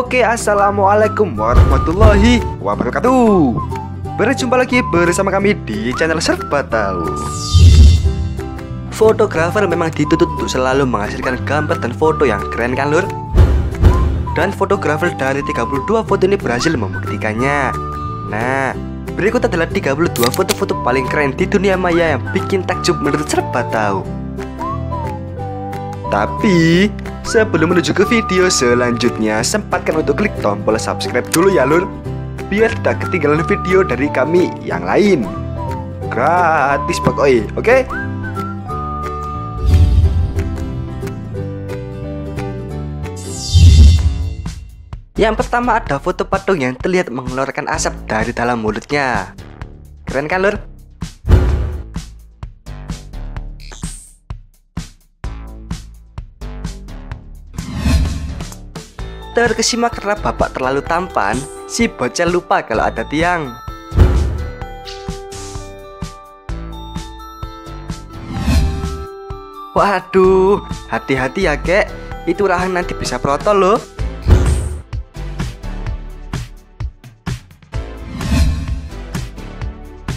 Oke, Assalamualaikum warahmatullahi wabarakatuh Berjumpa lagi bersama kami di channel Serba Tahu Fotografer memang dituntut untuk selalu menghasilkan gambar dan foto yang keren kan lur? Dan fotografer dari 32 foto ini berhasil membuktikannya Nah, berikut adalah 32 foto-foto paling keren di dunia maya yang bikin takjub menurut Serba Tahu tapi Sebelum menuju ke video selanjutnya, sempatkan untuk klik tombol subscribe dulu ya lur, biar tidak ketinggalan video dari kami yang lain. Gratis pokoknya, oke? Yang pertama ada foto patung yang terlihat mengeluarkan asap dari dalam mulutnya. Keren kan lur? Terkesima karena bapak terlalu tampan, si bocah lupa kalau ada tiang. Waduh, hati-hati ya kek, itu rahang nanti bisa protol loh.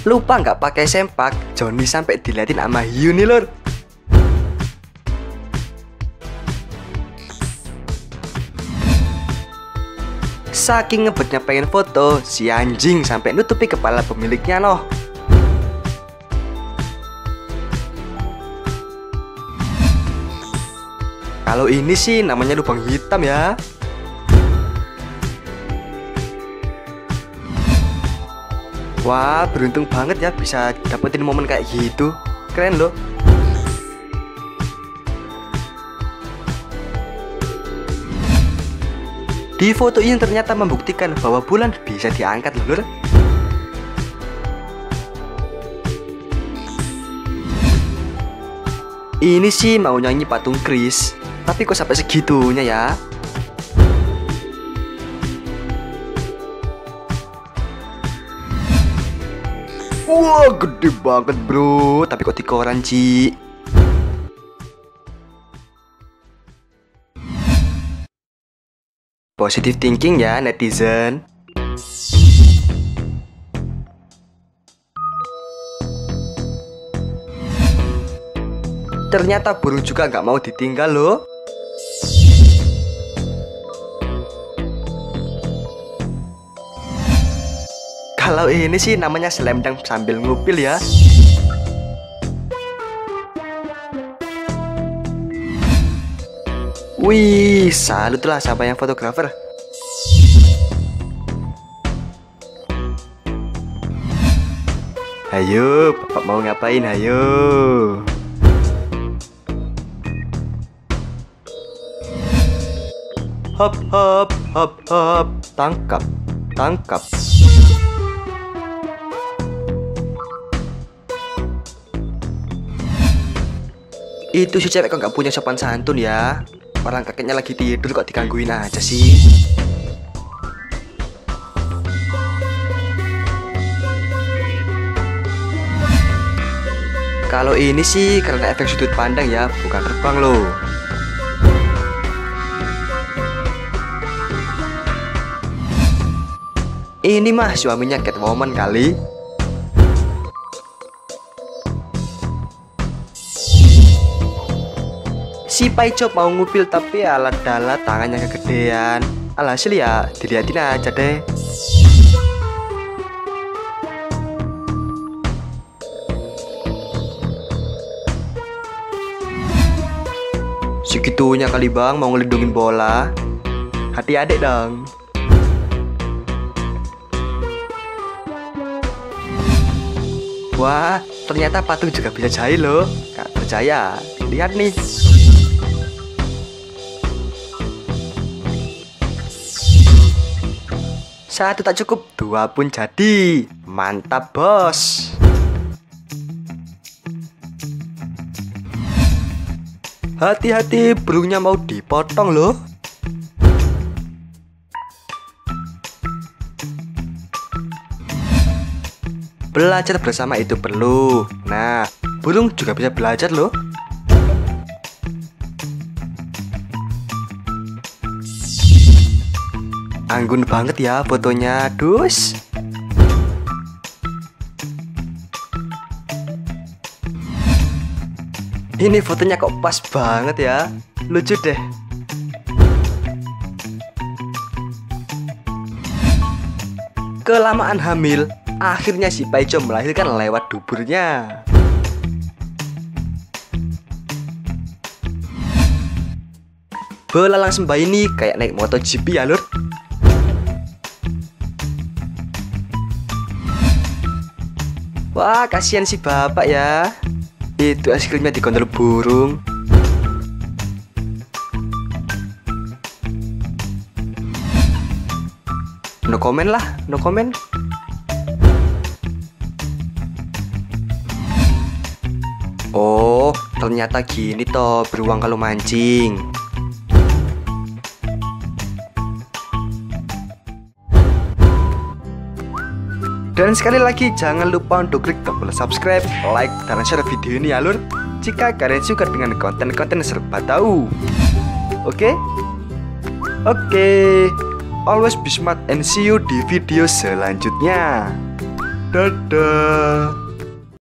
Lupa nggak pakai sempak, Joni sampai diliatin sama hiu nih lor. Saking ngebetnya pengen foto, si anjing sampai nutupi kepala pemiliknya loh. Kalau ini sih namanya lubang hitam ya. Wah, beruntung banget ya bisa dapetin momen kayak gitu. Keren loh. Di foto ini ternyata membuktikan bahwa bulan bisa diangkat lho Ini sih mau nyanyi patung Chris, tapi kok sampai segitunya ya? Wah, gede banget bro, tapi kok di koran Ci? Positive thinking ya netizen. Ternyata burung juga nggak mau ditinggal loh. Kalau ini sih namanya selendang sambil ngupil ya. Wih, salut lah siapa yang fotografer. Ayo, bapak mau ngapain? Ayo. Hop, hop, hop, hop. Tangkap, tangkap. Itu si cewek kok gak punya sopan santun ya? Orang kakeknya lagi tidur kok digangguin aja sih Kalau ini sih karena efek sudut pandang ya, bukan terbang loh Ini mah suaminya Catwoman kali si Paijo mau ngupil tapi alat dalat tangannya kegedean alhasil ya diliatin aja deh segitunya kali bang mau ngelindungin bola hati adik dong Wah, ternyata patung juga bisa jahil loh. Gak percaya, lihat nih. satu tak cukup, dua pun jadi. Mantap, bos! Hati-hati, burungnya mau dipotong loh. Belajar bersama itu perlu. Nah, burung juga bisa belajar loh. Anggun banget ya fotonya, dus. Ini fotonya kok pas banget ya. Lucu deh. Kelamaan hamil, akhirnya si Paico melahirkan lewat duburnya. Belalang sembah ini kayak naik MotoGP ya lur Wah, kasihan si bapak ya. Itu es krimnya dikontrol burung. No comment lah, no comment. Oh, ternyata gini toh beruang kalau mancing. Dan sekali lagi jangan lupa untuk klik tombol subscribe, like, dan share video ini ya lur Jika kalian suka dengan konten-konten serba tahu Oke? Okay? Oke okay. Always be smart and see you di video selanjutnya Dadah